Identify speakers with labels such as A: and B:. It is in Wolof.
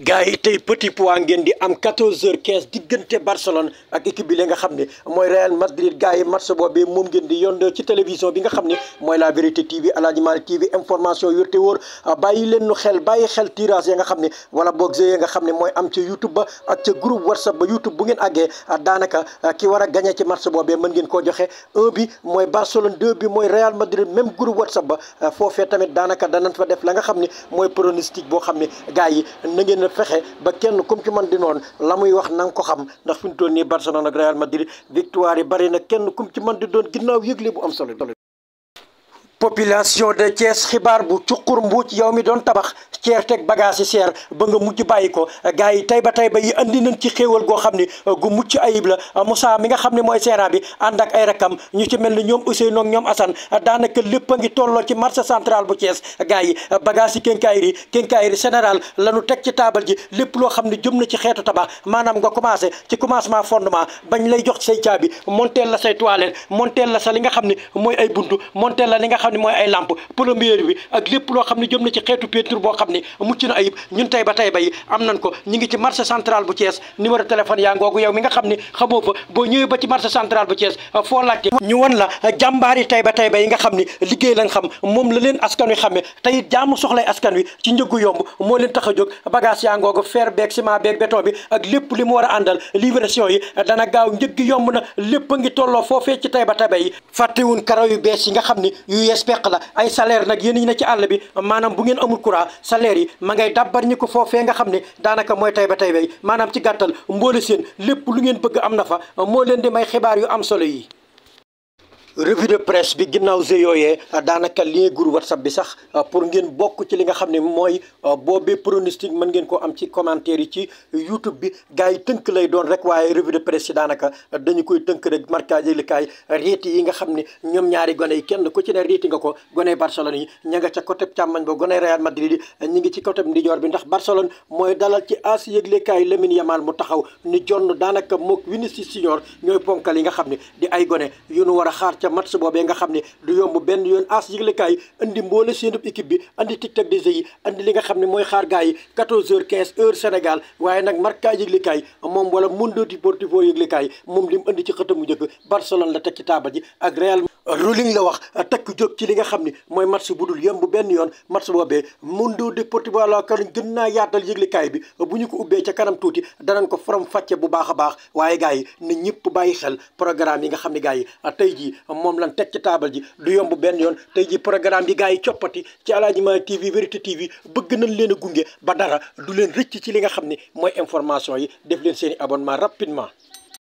A: gars yi tey petit poids ngeen di am 14h15 diggante Barcelone ak équipe bi la nga xam ne mooy Real Madrid gars yi match boobee moom ngeen di yondoo ci télévision bi nga xam ne mooy la vérité TV Aladji Malick TV information yu te wóor ah, bàyyi leen nu xel bàyyi xel tirage ya nga xam ne wala boog ya nga xam ne mooy am ca YouTube ba ak ca groupe WhatsApp ba YouTube bu ngeen àggee ah, daanaka ah, ki war a gagné ci match boobee mën ngeen koo joxe 1 bi mooy Barcelone 2 bi mooy Real Madrid même groupe WhatsApp ba foofee tamit daanaka danañ def la nga xam ne mooy pronostic boo xam ne gars yi fexe ba kenn comme ci man di noon la muy wax na nga ko xam ndax fi mu toll nii Barcelona ak Real Madrid victoire yi bari na kenn comme ci man di doon ginnaaw yëgle bu am solo. population de Thiès xibaar bu cuqur mbuuc yow mi doon tabax ceer teg bagage yi seer ba nga mujj bàyyi ko gars yi tey ba tey ba yi andi nañ ci xéewal goo xam ni uh, gu mucc ayib la uh, Moussa mi nga xam ne mooy seera bi ànd ay rek am ñu ci mel ni ñoom Ousseynou ak ñoom Assane uh, daanaka lépp a ngi tolloo ci marché central bu Thiès gars yi bagage yi kenkaayri kenkaayri général la ñu teg ci taabal ji lépp loo xam ne jëm na ci xeetu tabax maanaam nga commencé ci commencement fondement bañ lay jox say caabi monteel la say toilette monteel la sa li nga xam ne mooy ay buntu monteel la li nga xam ne mooy ay lampe plombier ak lépp loo xam ne jëm na ci xeetu peinture boo xam xam ni mucc na ayib ñun tey ba tey bay am nañ ko ñu ngi ci marché central bu Thiès numéro téléphone yaa ngoogu yow mi nga xam ni xamoo fa boo ñëwee ba ci marché central bu Thiès euh, foo laajte la euh, jàmbaar yi tey ba nga xam ni liggéey lañ xam moom la leen askan wi xamee tey jaamu soxlay askan wi ci njëgu yomb moo leen tax a jóg bagage yaa ngoogu fer beeg ciment beeg béton bi ak lépp li mu war a àndal livraison yi euh, dana gaaw njëggi yomb na lépp a ngi tolloo foofee ci tey ba tey bay fàttewun yu bees yi nga xam ni yu yees peq la ay salaire nag yéen ñi ne salaire yi ma ngay dàbbar ñi ko foofee nga xam ne daanaka mooy tay ba tay bay maanaam ci gàttal mboole seen lépp lu ngeen bëgg am na fa moo leen di may xibaar yu am solo yi revue de presse bi ginnaaw g yooyee daanaka lien groupe whatsapp bi sax pour ngeen bokk ci li nga xam ne mooy boobee pronostic mën ngeen ko am ci commentaire yi ci youtube bi gars yi tënk lay doon rek waaye revue de presse yi daanaka dañu koy tënk rek marquage yëglikaay réeti yi nga xam ne ñoom ñaari gone yi kenn ku ci ne réeti nga ko gone Barcelone yi ña nga ca côté càmmañ ba gone Real Madrid yi ñi ngi ci côté ndijoor bi ndax Barcelone mooy dalal ci as yëglikaay Lamine Yamal mu taxaw ni jonn daanaka mook Vinicius Junior ñooy ponkal yi nga xam ne di ay gone a ca match boobee nga xam ne du yomb benn yoon as yëglekaay andi mboole seenub équipe bi andi tiktak des yi andi li nga xam ne mooy xaar gars yi 14 heures 15 heures Sénégal waaye nag marka kaay moom wala Mundo Deportivo kaay moom li mu andi ci xëtam mu njëkk Barcelone la teg ci taabal ji ak Real ruling la wax tekk jóg ci li nga xam ni mooy match bu dul yomb benn yoon match boobee Mundo Deportivo La Coruña gën naa yaatal yëglikaay bi bu ñu ko ubbee ca kanam tuuti danañ ko forom fàcce bu baax a baax waaye gaa yi na ñëpp bàyyi xel programme yi nga xam ne gaa yi tey jii moom lan teg ci taabal ji du yomb benn yoon tey jii programme bi gars yi coppati ci Aladji Malick TV Vérité TV bëgg nañ leen gunge ba dara du leen rëcc ci li nga xam ne mooy information yi def leen seen i abonnement